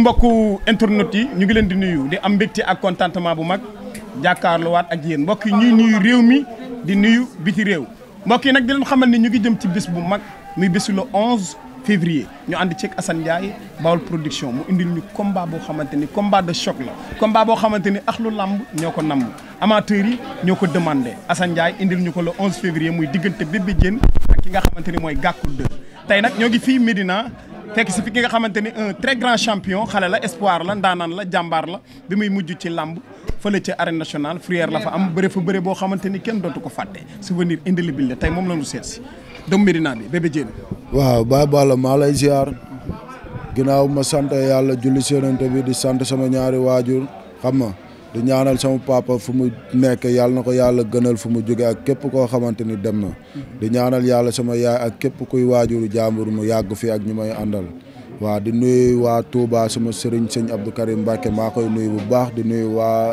mbokk internet yi ñu ngi leen di nuyu di am mbégte ak contentement bu mag jàkkaarloowaat ak yéen mbokk yi ñuy nuyu réew mi di nuyu biti réew mbokk yi nag di leen xamal ni ñu ngi jëm ci bés bu mag muy bésu le 11 février ñu ànd ceeg Assane Ndiaye Baol production mu lu ñu combat boo xamante ni combat de choc la. combat boo xamante ni ax lu làmb ñoo ko namm amateurs yi ñoo ko demandé Assane indi lu ñu ko le 11 février muy diggante Bébé Diène ak ki nga xamante ni mooy Gàkku 2 tey nag ñoo ngi fii Médina. fekk si fi ki nga xamante ni un très grand champion xale la espoir la ndaanaan la jàmbaar la bi muy mujj ci làmb fële ci arène nationale Frière la fa am bëre fa bëre boo xamante ni kenn dootu ko fàtte souvenir indélébile la tey moom la ñu seet si doomu Médina bi Bébé Diène waaw Baye Balla maa lay ziar ma sant yàlla julli séenante bi di sant sama ñaari waajur xam nga di ñaanal sama papa fu mu nekk yàlla na ko yàlla gënal fu mu jóge ak képp koo xamante ni dem na mm-hmm. di ñaanal yàlla sama yaay ak képp kuy waajuru jàmbur mu yàgg fi ak ñu may àndal waa di nuyu waa Touba sama sëriñ sëñ Abdou Karim Mbacke maa koy nuyu bu baax di nuyu waa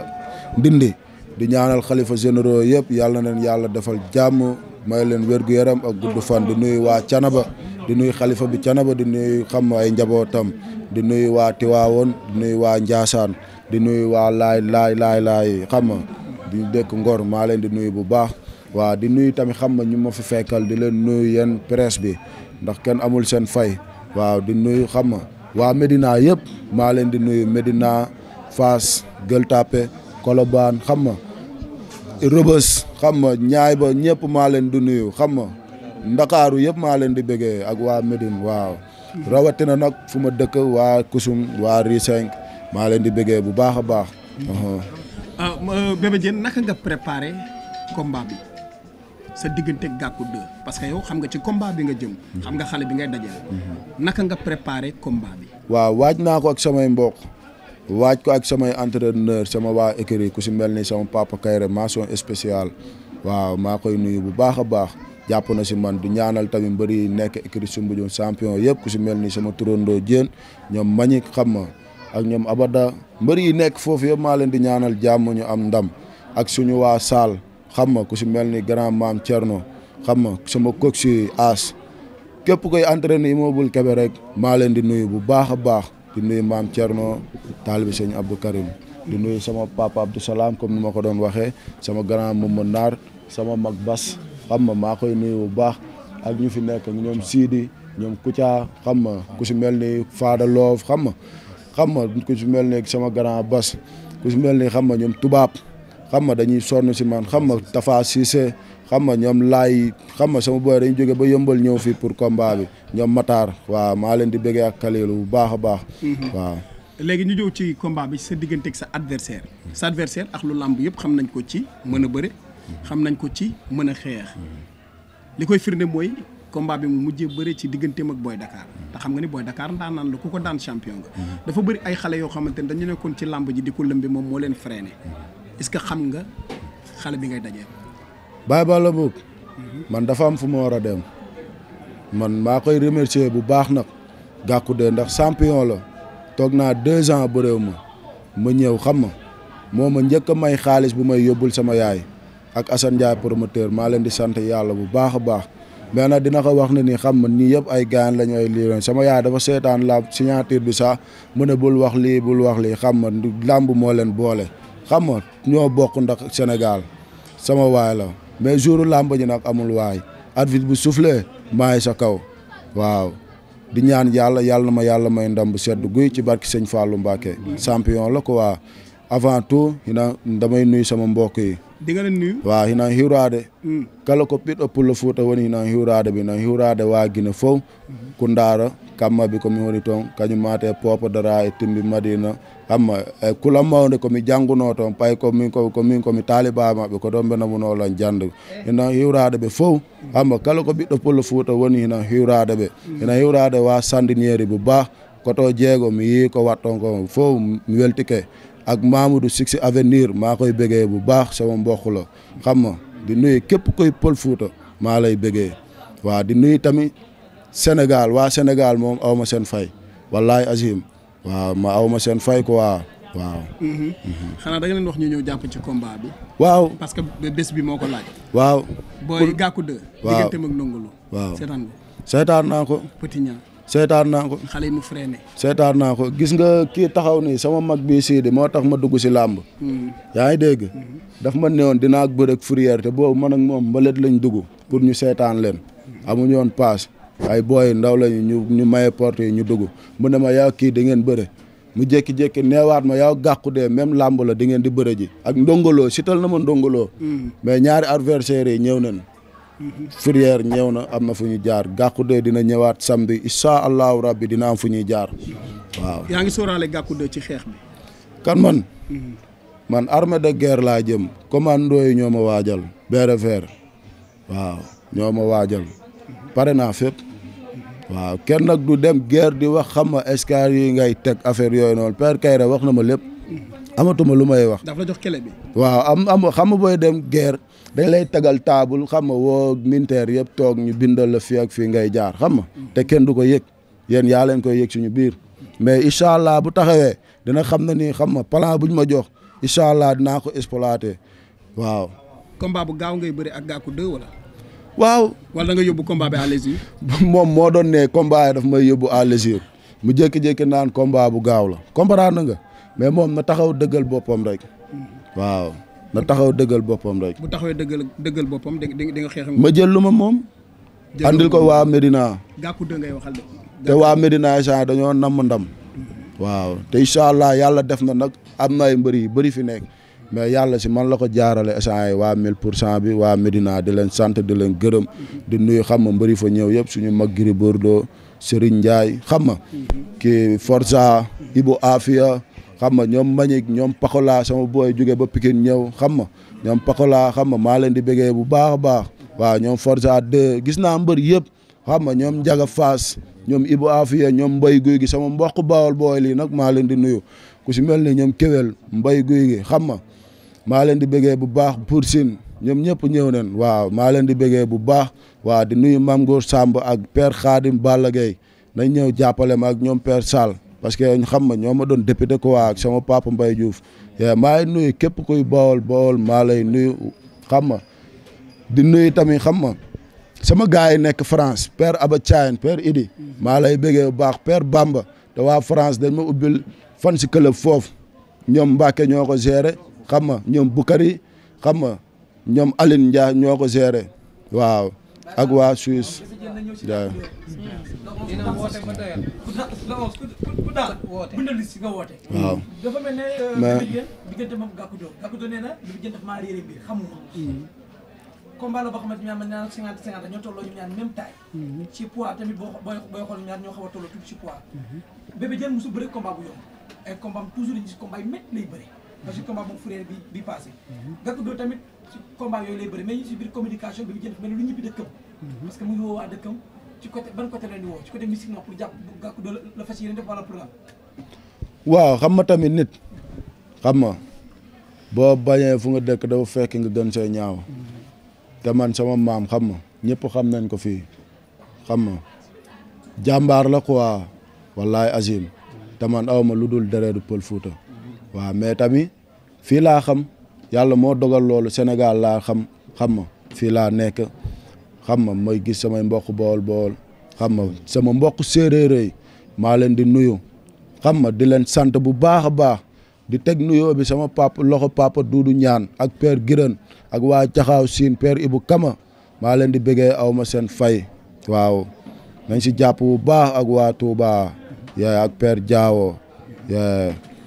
Ndindi di ñaanal xalifa généraux yëpp yàlla na leen yàlla defal jàmm may leen wér-gu-yaram ak gudd fan di nuyu waa Canaba di nuyu xalifa bi Canaba di nuy xam ay njabootam di nuyu waa Tiwaawoon di nuyu waa Njaasaan di nuyu waa laay laay laay xam nga di dëkk Ngor maa leen di nuyu bu baax waa di nuyu tamit xam nga ñu ma fi fekkal di leen nuyu yeen presse bi ndax kenn amul seen fay waaw di nuyu xam nga waa Médina yëpp maa leen di nuyu Médina Fass Gueule Tapée Colobane xam nga xam nga ñaay ba ñëpp maa leen di nuyu xam nga ndakaaru yëpp maa leen di bëggee ak waa Médine waaw rawatina nag fu ma dëkk waa Kusum waa Risseng maa leen di bëggee bu baax a baax. Uh-huh. Ah, euh, Bébé Diène naka nga préparé combat bi sa diggante gàkku deux parce que yow xam nga ci combat bi nga jëm. xam nga xale bi ngay dajal. Mm-hmm. naka nga préparé combat bi. waaw waaj naa ko ak samay mbokk waaj ko ak samay entraîneur sama waa écurie ku si mel ni sama papa Kayre mention spéciale waaw maa koy nuyu bu baax a baax. jàpp na si man du ñaanal tamit mbëri nekk écurie Soumbédioune sampion yëpp ku si mel nii sama turandoo Diène ñoom mañi xam ma ak ñoom abada mbër yi nekk foofu yëpp maa leen di ñaanal jàmm ñu am ndam ak suñu waa saal xam ma ku si mel ni grand maam Thierno xam ma sama coach si As képp koy ni immobile Kébé rek maa leen di nuyu bu baax a baax di nuyu maam Thierno taalibi sëñ Abdou Karim di nuyu sama papa Abdou Salam comme ni ma ko doon waxee sama grand mama naar sama mag Bas xam ma maa koy nuyu bu baax ak ñu fi nekk ñoom Sidi ñoom Koutia xam ma ku si mel ni Fada Loof xam ma xam ma ku si mel ne sama grand bas ku si mel nii xam ma ñoom tubaab xam ma dañuy sonn si man xam ma Tafa Cissé xam ma ñoom laay xam ma sama boy dañu jóge ba yombal ñëw fii pour combat bi ñoom Matar waaw maa leen di bëggee ak Kalilu bu baax a baax. Mhm. waaw. léegi ñu ñëw ci combat bi sa diggante ak sa adversaire mhm. sa ak lu làmb yëpp xam nañ ko ci mën a bëre mhm. xam nañ ko ci mën a xeex li koy firnde mooy combat bi mu mujjee bëri ci digganteem ak Boy Dakar te xam nga ni Boy Dakar ndaanaan la ku ko daan champion nga mm-hmm. dafa bëri ay xale yoo xamante ne dañu nekkoon ci làmb ji di ko lëmbi moom moo leen freiné est-ce que xam nga xale bi ngay dajee Baye Balla Mbuub mm-hmm. man dafa am fu ma war a dem man maa koy remercier bu baax nag gàkku dee ndax champion toog naa deux ans bëréew ma ma ñëw xam ma moom ma njëkk a may xaalis bu may yóbbul sama yaay ak Assane Ndiaye promoteur maa leen di sant yàlla bu baax a baax mais nag dina ko wax ne ni xam ma nii yëpp ay gaan lañu ay lii sama yaay dafa seetaan la signature bi sax mu ne bul wax lii bul wax lii xam ma làmb moo leen boole xam ma ñoo bokk ndax Sénégal sama waay la mais jouru làmb ji nag amul waay arbitre bu soufflé maay sa kaw waaw di ñaan yàlla yàlla ma yàlla may ndam bu sedd guy ci barki sëñ fàllu Mbacké champion la ko waa avant tout hina damay nuyu sama mbokk yi di nga leen nuyu waaw hina hiwraade mm. kala ko ɓiɗɗo pullo fuuta woni hina hiwraade ɓe hina hiwraade waa gine fof mm-hmm. ko ndaara kamma ɓe kañum maate popodara e timbi madina amma e eh, kulan mawde komi jannguno toon pay komin komin komi taaliba maɓɓe ko ɗon mbenamunoolon jannde hina hiwraade ɓe fof amma kala ko ɓiɗɗo pullo fuuta woni hina hiwraade ɓe mm-hmm. hina hiwraade waa sandiniéri bo ba koto jeego mi yii ko watton ko fof mi weltike ak du Six avenir maa koy bëggee bu baax sama mbokk la xam ma di nuyu képp koy pël Fuuta maa lay bëggee waaw di nuyu tamit Sénégal waa Sénégal moom aw ma seen fay wallaay azim waaw ma aw ma seen fay ko waa waaw. Mhm. Mhm. ñëw jàpp ci combat bi. waaw parce bi moo ko waaw booy Gackou 2. waaw seetaan naa ko. seetaan naa ko. xale yi mu freiné. seetaan naa ko gis nga kii taxaw nii sama mag bii Sidi moo tax ma dugg si làmb. Hmm. yaa ngi dégg. Hmm. dafa ma newoon dina ak bëre ak fourrière te boobu man ak moom mbalit lañu dugg pour ñu seetaan leen. Hmm. amuñu woon paas ay booy ndaw lañu ñu ñu maye porte yi ñu dugg mu ne ma yaa kii di ngeen bëre. mu jékki-jékki neewaat ma yow gàqu dee même làmb la di ngeen di bëre ji ak ndongoloo sital na ma ndongoloo. mais ñaari adversaires yi ñëw na Fourrière ñëw na am na fu ñu jaar gàkku dee dina ñëwaat sambi incha allahu rabbi dina am fu ñuy jaar waaw. yaa ngi sóoraale gàkku dee ci xeex bi. kan man. Mm-hmm. man armée de guerre laa jëm commando yi ñoo ma waajal. BRFR waaw ñoo ma waajal pare naa fépp waaw kenn nag du dem guerre di wax xam ma escar yi ngay teg affaire yooyu noonu Père Kayra wax na ma lépp mm-hmm. amatuma lu may wax. daf la bi. waaw am am xam nga booy dem guerre. dañ lay tegal taabul xama woo minteer yëpp toog ñu bindal la fii ak fii ngay jaar xam nga te kenn du ko yëg yéen yaa leen koy yëg ñu biir mais incha allah bu taxawee dina xam na nii xam nga plan bu ñu ma jox incha allah dinaa ko exploité waaw. combat bu gaaw ngay bëri ak Gackou 2 wala. waaw. walla nga yóbbu combat bi à l'usure. moom moo doon ne combat yi daf may yóbbu à l'usure mu jékki-jékki naan komba bu gaaw la comprendre nga mais moom na taxaw dëggal boppam rek hmm. na taxaw dëggal boppam rek. bu taxawee dëggal dëggal boppam di nga xeex. ma jël lu ma moom. andil ko waa Medina. gàkku dë ngay waxal de. te waa Medina instant dañoo namm ndam. waaw te incha allah yàlla def na nag am na ay mbër yu bëri fi nekk. mais yàlla si man la ko jaarale instant yi waa 1000 pour cent bi waa Medina di leen sant di leen gërëm. di nuyu xam ma mbëri fa ñëw yëpp suñu mag Gris Bordeaux Serigne Ndiaye xam ma. Mm-hmm. kii Forza Ibu Afia. xam ma ñoom Manick ñoom Pakola sama booy jóge ba Pikine ñëw xam ma ñoom Pakola xam ma maa leen di bëggee bu baax a baax waaw ñoom Forza 2 gis naa mbër yëpp xam ma ñoom Njaga Faas ñoom Ibu Afia ñoom Mbay Guy gi sama mbokk Bawol booy lii nag maa leen di nuyu ku si mel ni ñoom Kewel Mbay Guy gi xam ma maa leen di bëggee bu baax pour sin ñoom ñëpp ñëw nañ waaw maa leen di bëggee bu baax waaw di nuyu Mame Goor Samb ak Père Khadim Balla Gueye nañ ñëw jàppale ma ak ñoom Père parce que xam nga ñoo ma doon député quoi ak sama papa Mbaye Diouf eh, maa ngi nuyu képp kuy bawol bawol maa lay nuyu xam nga di nuyu tami xam nga sama gars yi nekk France père Aba Thiagne père Idi maa lay bëggee bu baax père Bamba te waa France dañ ma ubbil fan si club foofu ñoom Mbacke ñoo ko géré xam nga ñoom Bukari xam nga ñoom Aline Ndiaye ñoo ko géré waaw ak waa Suisse waaw. waaw. mais. combat la boo xamante ne man ñaar cinquante cinquante ñoo tolloo ñu ñaar même taille. ci poids tamit boo booy xool ñaar ñoo xaw a tolloo tuuti ci poids. Bébé Diène mosul bëri combat bu yomb ay combat am toujours dañuy gis combat yu métti lay bëri. waaw xam nga tamit nit xam nga boo bañee fu nga dëkk dafa fekk nga gën say ñaaw mhm. te man sama maam xam ma ñépp xam nañ ko fii xam nga jàmbaar la quoi wallaay azim te man awma lu dul dereedu pël Fuuta waaw mais tamit fii laa xam yàlla moo dogal loolu Sénégal laa xam xam ma fii laa nekk xam ma may gis samay mbokk bool bool xam ma sama mbokk séeréer maa leen di nuyu xam ma di leen sant bu baax a baax di teg nuyoo bi sama papa loxo papa dudu ñaan ak père Girène ak waa Jaxaaw Siin père Ibu Kama maa leen di bëggee aw ma seen fay waaw nañ si jàpp bu baax ak waa Touba yaay ak père Diawo yaay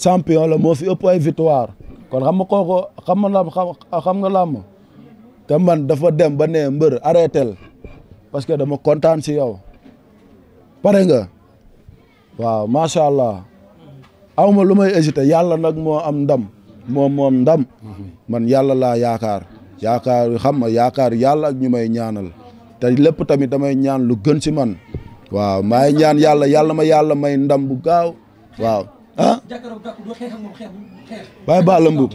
champion la moo fi ëpp ay victoire kon xam nga kooku xam nga làmb xam nga làmb te man dafa dem ba ne mbër arrêtel parce que dama kontaan si yow pare nga waaw macha allah aw ma lu may hésité yàlla nag moo am ndam moo moom ndam man yàlla laa yaakaar yaakaar xam ma yaakaar yàlla ak ñu may ñaanal te lépp tamit damay ñaan lu gën si man waaw maay yàlla ma yàlla may ndam bu gaaw waaw ah bàyyi Balla Mbuub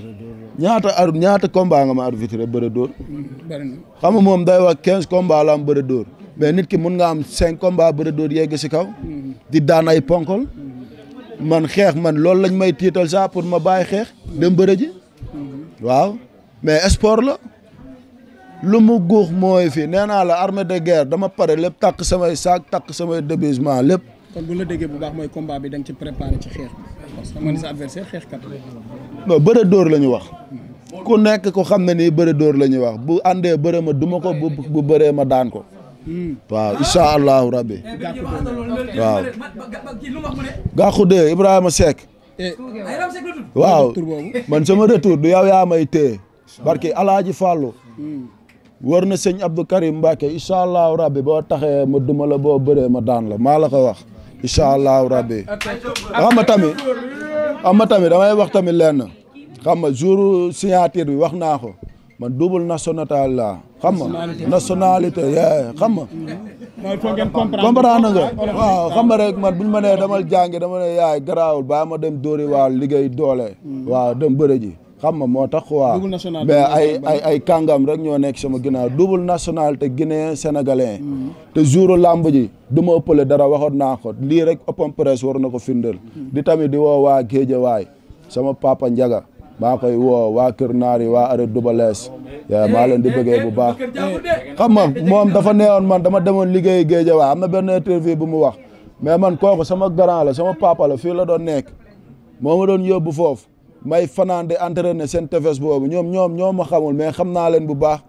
ñaata ar ñaata combat nga ma arbitré bëre dóor xam nga moom day wax quinze combat la am bëre dóor mais nit ki mun nga am cinq combat bëre yegg si kaw mm-hmm. di daan ay ponkol mm-hmm. man xeex man loolu lañ may tiital saa pour ma bàyyi xeex dem bëre mm-hmm. waaw mais sport la lu mu guux mooy fii nee naa la armée de guerre dama pare lépp takk samay saak takk samay débisement lépp kon bu la déggee bi da nga ci préparé ci xeex parce que man xeexkat la. dóor la wax. ku nekk ko xam na ni bëre dóor la wax bu àndee bëre ma duma ko bu bu bëree ma daan ko. Hmm. waaw incha allahu rabbi. Eh, waaw. gàqu de Ibrahima Seck. Eh. waaw man sama retour du yow yaa may téye. Fàllu hmm. war na sëñ Abdou Karim Mbacke incha allahu rabbi boo taxee ma duma la boo bëree ma daan la maa la ko wax. incha allahu rabbi xam nga tamit xam nga tamit damay wax tamit lenn xam nga jour signature bi wax naa ko man double nationalité la xam nga nationalité yee xam nga comprendre nga rek man bu ma nee dama jàngi dama ne yaay garaawul baa ma dem dóori waaw liggéey doole waaw dem bëre xam nga moo tax waa mais ay ay ay kàngam rek ñoo nekk sama ginnaaw double nationalité guinéen sénégalais. Mm. te jouru làmb ji du ma ëppale dara waxoon naa ko lii rek open press war na ko firndeel. Mm. di tamit di woo waa Géejawaay sama papa njaga maa koy woo waa Kër Naar yi waa Arrêt Dubalees eh, maa leen di eh, bëggee eh, bu baax. xam nga moom dafa neewoon man dama demoon liggéey Géejawaay am na benn interview bu mu wax mais man kooku sama grand la sama papa la fii la doon nekk moo ma doon yóbbu foofu. may fanaan di entraîner seen tefes boobu ñoom ñoom ñoo ma xamul mais xam naa leen bu baax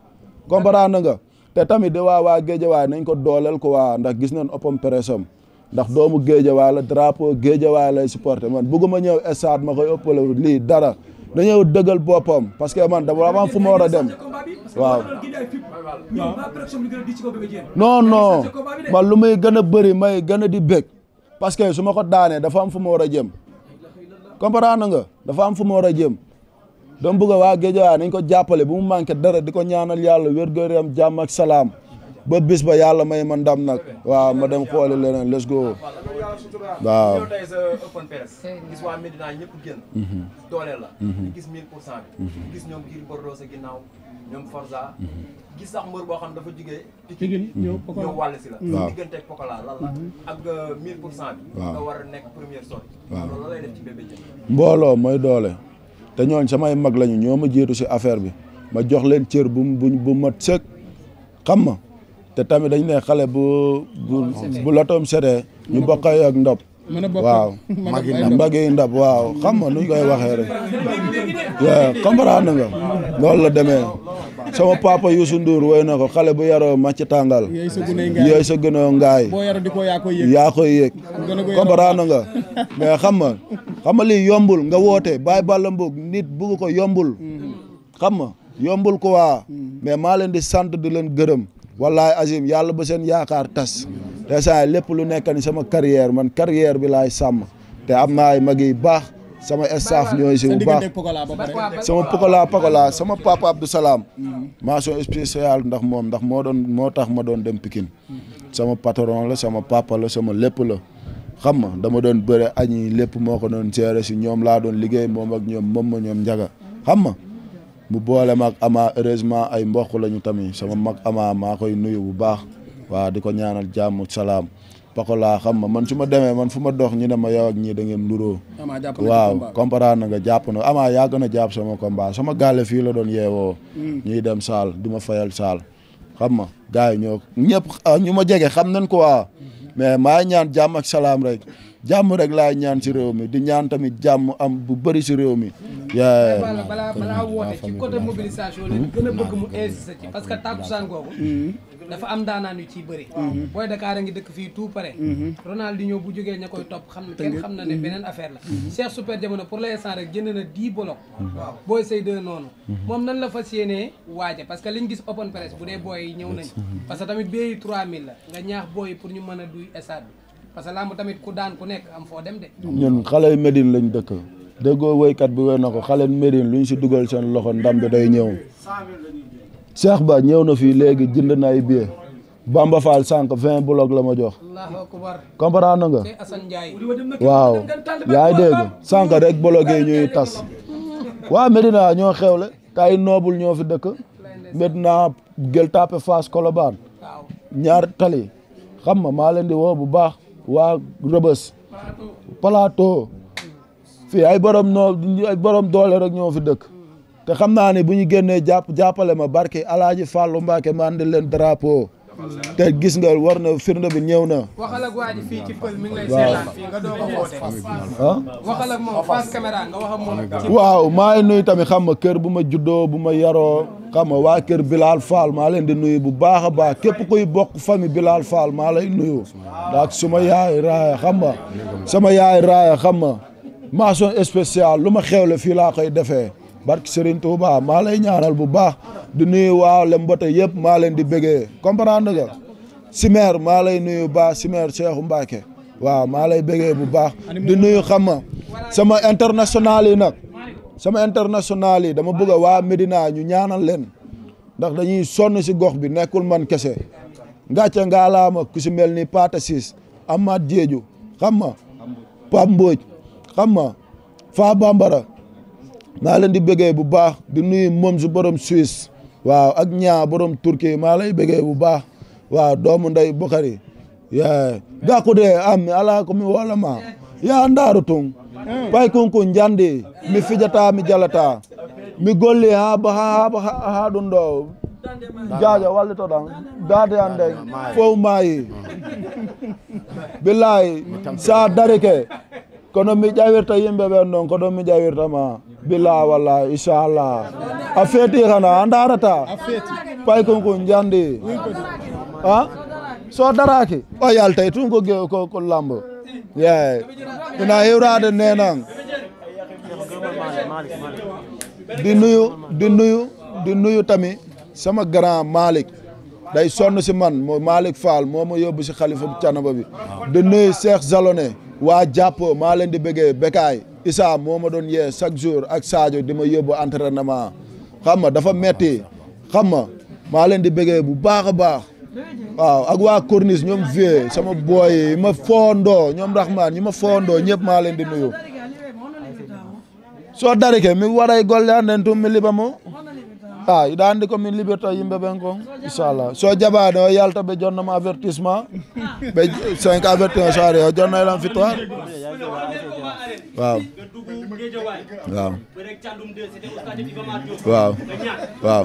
comprendre nga te tamit di waa waa géejawaay nañ ko dooleel ko waa ndax gis nañ oppam presam ndax doomu géejawaay la drapeau géejawaay lay supporter man bugguma ñëw stade ma koy ëppale lii dara dañoo dëggal boppam parce que man dama am fu ma war a jem waaw non man lu may gën a bëri may gën a di bëgg parce que su ma ko daanee dafa am fu ma war a jëm comprendre nga dafa am fu mu war a jëm dama bëgg waa Géejawaay nañ ko jàppale bu mu manqué dara di ko ñaanal yàlla wér gu yaram jàmm ak salaam ba bis ba yàlla may ma ndam nag waaw ma dem xooli leneen let's waaw. gis waa mhm. mhm. mhm. xam dafa jugee. Euh, mbooloo mooy doole. te ñooñ samay mag lañu ñoo ma jiitu si affaire bi ma jox leen cër bu mat sëkk xam ma te tamit dañ ne xale bu bu bu lotoom sedee ñu bokk ak ndab waaw mbagi ndab waaw xam nga nuñ koy waxee rek comprendre nga loolu la demee sama papa Youssou Ndour woy na ko xale bu yaro ma ci tàngal yooyu sa gën a ngaay yaa koy yëg comprendre nga mais xam nga xam yombul nga woote bàyyi bàlla mbug nit bugg ko yombul mm-hmm. xam yombul ko waa mm-hmm. mais maa leen di sant di leen gërëm wallaay azim yàlla ba seen yaakaar tas te saa lépp lu nekk ni sama carrière man carrière bi laay sàmm te am naa ay mag yu baax sama staff ñooy si bu baax sama pokola pokola papa Salaam mention spéciale ndax moom ndax moo doon moo tax ma doon dem Pikine sama patron la sama papa la sama lépp la xam ma dama doon bëre añi lépp moo ko doon gérer si ñoom laa doon liggéey moom ak ñoom moom ma ñoom njaga xam ma mu boole mag ama heureusement ay mboq lañu tamit sama mag ama maa koy nuyu bu baax waaw di ko ñaanal jàmm salaam laa xam ma man su ma demee man fu ma dox ñu ne ma yow ak ñii da ngeen nuroo waaw comprendre na nga jàpp na ama yaa gën jàpp sama combat sama gaale fii la doon yeewoo mm. ñuy dem saal di ma fayal saal xam ma gars yi ñoo ñëpp ah, ñu ma jege xam nañ quoi mm-hmm. mais maa ñaan jàmm ak salaam rek jàmm rek laa ñaan si réew mi di ñaan tamit jàmm am bu bëri si réew mi. yaa balaa balaa woote ci côté mobilisation lañ gën a bëgg mu insister ci parce que tàkkusaan googu. Mm-hmm. dafa am daanaan yu ciy bëri. Mm-hmm. booy Dakar a ngi dëkk fii tout pare. Mm-hmm. ñëw bu jógee ña koy topp xam ne xam na ne beneen affaire la. Cheikh Super Jamono pour l'instant rek jënd na 10 bolok. waaw booy say deux noonu. moom nan la fa yéenee waaje parce que lañ gis open press bu dee booy yi ñëw nañ parce que tamit bee yi 3000 la nga ñaax booy pour ñu mën a duy stade bi. parce que làmb tamit ku daan ku nekk am foo de. ñun xale yu Médine lañu dëkk déggoo woykat bi woy na ko xale Médine lu ñu si dugal seen loxo ndam bi day ñëw. Cheikh Ba ñëw na fii léegi jënd na ay billets. Bamba Fall sànq vingt bloc la ma jox. comprendre nga. waaw. yaa ngi dégg sànq rek bloc yi ñuy tas. waa Medina ñoo xewle. tay noobul ñoo fi dëkk. Medina Gueule Tapée Fass Colobane. ñaar tali. xam ma maa leen di woo bu baax. waa Rëbës Plateau fii ay borom noo ay borom doole rek ñoo fi dëkk te xam naa ne bu ñu génnee jàpp jàppale ma barke Alaaji Fàllu Mbàkke ma andil leen drapeau te gis nga war na firnde bi ñëw na. waxal ak waa ji fii waaw maa ngi tamit xam ma kër bu ma juddoo bu ma yaroo. xam nga waa kër Bilal Fall maa leen di nuyu bu baax a baax képp kuy bokk famille Bilal Fall maa lay nuyu ndax suma yaay raaya xam nga sama yaay raaya xam nga mention spéciale lu ma xewle fii laa koy defee barke Serigne Touba maa lay ñaanal bu baax di nuyu waa Lembote yëpp maa leen di bëggee comprendre nga Simer maa lay nuyu baax Simer Cheikhou Mbacke waaw maa lay bëggee bu di nuyu xam sama international yi nag sama international yi dama bëgg a waa Medina ñu ñaanal leen ndax dañuy sonn si gox bi nekkul man kese ngàcce ngaalaama ku si mel ni Pata Ciss Amath Diédhiou xam ma Pape Mbodj xam ma Fa Bambara maa leen di bëggee bu baax di nuy moom su borom Suisse waaw ak ñaa borom Turquie maa lay bëggee bu baax waaw doomu nday Bokari yaa gàkku dee am ala ko mi wala ma yaa ndaaru tung pay konko mi fijata mi jalata mi golle ha ha ha ɗum ɗo jaaja wallitoɗan dade an de fof mayi billayi sa darike kono mi ƴawirta yimɓe ɓen ɗon ko ɗon mi ƴawirtama billah walla inchallah a feeti kana a darata pay konko a so daraki o yaltay tun ko gewo ko ko lambo ina hewrade nenan di nuyu di nuyu di nuyu tamit sama grand Malick day son si man moo Malick Fall moo ma yóbbu si xalifa canaba bi di nuyu Cheikh Zaloné waa jàppoo maa leen di bëggee Bekaay Issa moo ma doon yee chaque jour ak Sadio di ma yóbbu entraînement xam nga dafa metti xam nga maa leen di bëggee bu baax a baax waaw ak waa corniche ñoom vie sama booy ma foondoo ñoom raxmaan ñi ma foondoo ñëpp maa leen di nuyu so darike mi waray golle an nen tum mi liɓa mo a ah, iɗa anndi komin liɓirta yimɓe ɓen kon inchallah so jaɓaade o yalta ɓe jonnama avertissement ɓe cinq avertissement sare o jonna elan victoire waaw waaw waaw waaw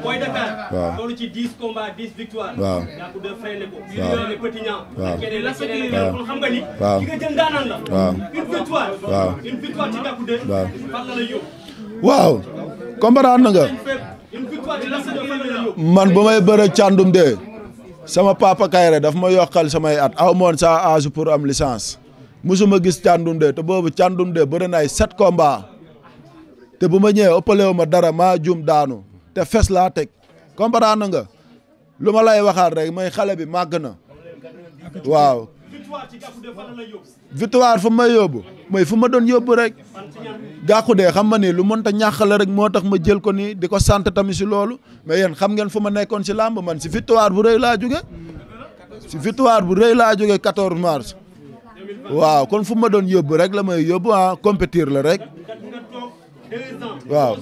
Boy Dakar. waaw loolu ci 10 combats man ba may bëre càndum de sama papa Kayre daf ma yokkal samay at aw moon sa âge pour am licence musuma gis càndum de te boobu càndum de bëri na ay 7 te bu ma ñëwee ëppalewu ma dara maa jum daanu. te fes laa teg comprendre nga lu ma lay waxaat rek may xale bi màgg na waaw victoire fu may yóbbu mooy fu ma doon yóbbu rek gàqu dee xam ma ni lu mënta ñàkk la rek moo tax ma jël ko nii di ko sant tamit si loolu mais yen xam ngeen fu ma nekkoon si làmb man si victoire bu rëy laa jóge si victoire bu rëy laa jóge 14 mars waaw kon fu ma doon yóbbu rek la may yóbbu ah compétir la rek waaw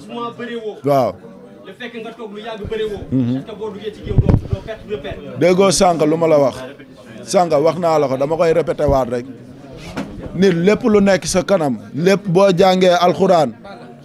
le mhm. déggoo sànq lu ma la wax sànq wax naa la ko dama koy répété waat rek nit lépp lu nekk sa kanam lépp boo jàngee alxuraan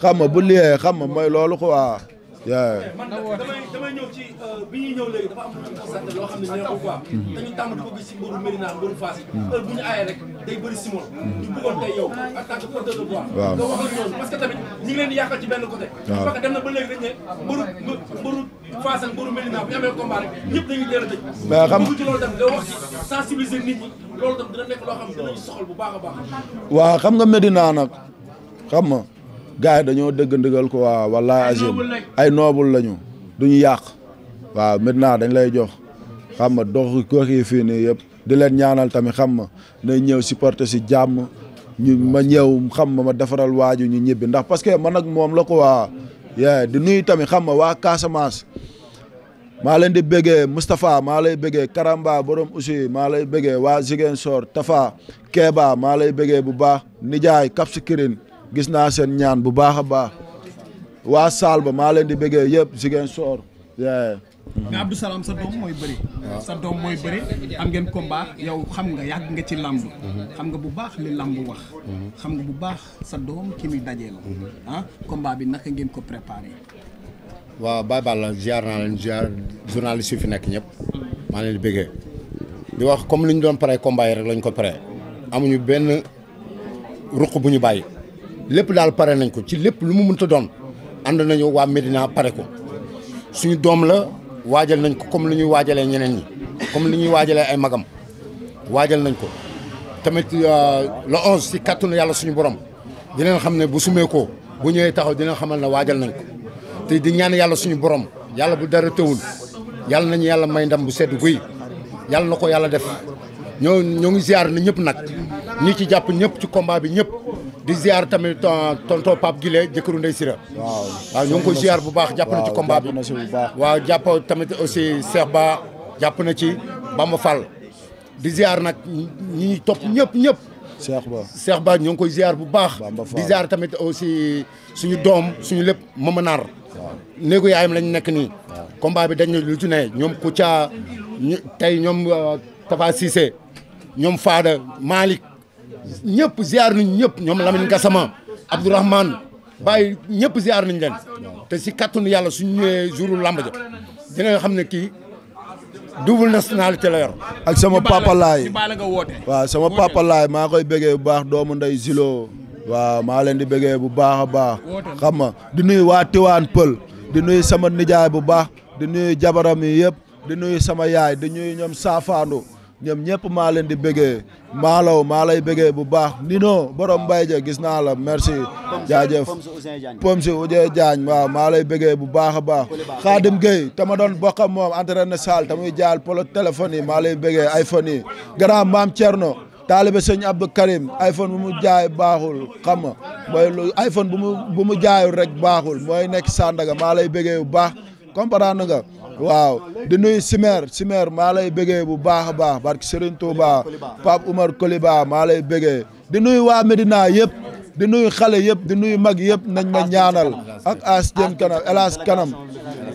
xam nga bu liyee xam nga mooy loolu waa yaa eh, man damay damay ñëw ci euh, bi ñuy ñëw léegi dafa am lu ñu sant loo xam ne neexul quoi. dañu tàmm di ko gis ci mbiru Medina mbiru Fass. Mm-hmm. heure bu ñu aayee rek day bëri simon. Mm-hmm. ñu bëggoon tey yow en tant que porteur de voix. waaw nga wax ak ñoom parce que tamit ñu ngi leen di yàqal ci benn côté. waaw parce que dem na ba léegi dañ ne mbiru mbiru Fass ak mbiru Medina bu ñu amee combat rek ñëpp dañuy teel a tëj. mais xam nga ci loolu tam nga wax ci sensibiliser nit ñi loolu tam dina nekk loo xam ne dinañu soxal bu baax a baax. waaw xam nga Medina nag xam nga gars yi dañoo dëgg ndëgal ko waa wala agim ay noobul lañu duñu yàq waaw maintenant dañ lay jox xam nga dox gox yi fii nii yëpp di leen ñaanal tamit xam ma nañ ñëw supporter si jàmm ñu ma ñëw xam ma ma defaral waaju ñu ñibbi ndax parce que man ak moom la ko waa yee di nuyu tamit xam ma waa Casamance maa leen di bëggee Moustapha maa lay bëggee Karamba borom aussi maa lay bëggee waa Ziguinchor Tafa Keba maa lay bëggee bu baax nijaay Kapsi Kirin gis naa seen ñaan bu baax a baax waa saal ba maa leen di bëggee yëpp Ziguinchor mais Abdou Salam sa doom mooy bëri sa doom mooy bëri am ngeen combat yow xam nga yàgg nga ci làmb mhm. xam nga bu baax li làmb wax mhm. xam nga bu baax sa doom ki muy dajee la mhm. ah bi naka ngeen ko préparé waaw Baye Balla ziar naa fi nekk ñëpp maa leen di bëggee di wax comme li ñu doon pare combat rek lañ ko pare amuñu benn ruq bu ñu bàyyi lépp daal pare nañ ko ci lépp lu mu mënta doon ànd nañu waa Médina pare ko suñu doom la waajal nañ ko comme lu ñuy waajalee ñeneen ñi comme lu ñuy waajalee ay magam waajal nañ ko tamit euh, le onze si kàttanu yàlla suñu borom dinañ xam ne bu sumee ko bu ñëwee taxaw dinañ xamal ne waajal nañ ko te di ñaan yàlla suñu borom yàlla bu dara tëwul yàlla nañu yàlla may ndam bu sedd guy yàlla na ko yàlla def ñoo ñoo ngi na ñëpp nag ñi ci jàpp ñëpp ci combat bi ñëpp di ziar tamit euh, tonton Pape Guilé jëkkëru Ndeye Sira waaw waaw ñoo ngi ko bu baax jàpp na ci combat bi waaw jàpp tamit aussi Cheikh Ba jàpp na ci Bamba Fall di ziar nag ñi topp ñëpp ñëpp Cheikh Ba Cheikh Ba ñoo ngi koy ziar bu baax di ziar tamit aussi suñu doom suñu lépp mama naar néegu yaayam lañ nekk nii combat bi dañ lu ci ne ñoom Kouthia tey ñoom euh, Tafa Cissé ñoom Fada Malick ñëpp ziar nañ ñëpp ñoom Lamine Gassama Abdourahmane bàyyi ñëpp ziar nañ leen te si kàttanu yàlla suñu ñëwee jouru làmb ja dina xam ne kii double nationalité la yor. ak sama papa laay waaw sama papa maa koy bëggee bu baax doomu nday Zilo waa maa leen di bëggee bu baax a baax xam nga di nuyu waa Tiwaan Pël di nuyu sama nijaay bu baax di nuyu jabaram yi yëpp di nuyu sama yaay di nuyu ñoom Saafaandu ñoom ñepp maa leen di bëggee maalaw maa lay bëggee bu baax nino borom mbay ja gis naa la merci jaajëf pom si Ousseyn Diagne waaw maa lay bëggee bu baax a baax Xaadim Gueye tama doon bokkam moom entraîné salle tamuy jaal polo téléphone yi maa lay bëggee iPhone yi grand maam Thierno taalibe sëñ Abdou Karim iPhone bu mu jaay baaxul xam mooy lu iPhone bu mu bu mu jaayul rek baaxul mooy nekk Sandaga maa lay bëggee bu baax comprendre nga waaw di nuyu Simer Simer maa lay bëggee bu baax a baax barke Serigne Touba Pape Oumar Koliba maa lay bëggee di nuyu waa Medina yëpp di nuyu xale yëpp di nuyu mag yëpp nañ ma ñaanal ak as jëm kanam elas kanam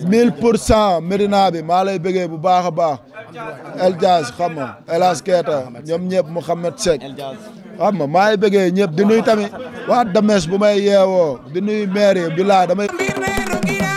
mille pour cent Medina bi maa lay bëggee bu baax a baax El Diaz xam nga elas Keeta ñoom ñëpp Mouhamed Seck xam nga maa ngi bëggee di nuyu tamit waa Dames bu may yeewoo di nuyu maire yi bi laa damay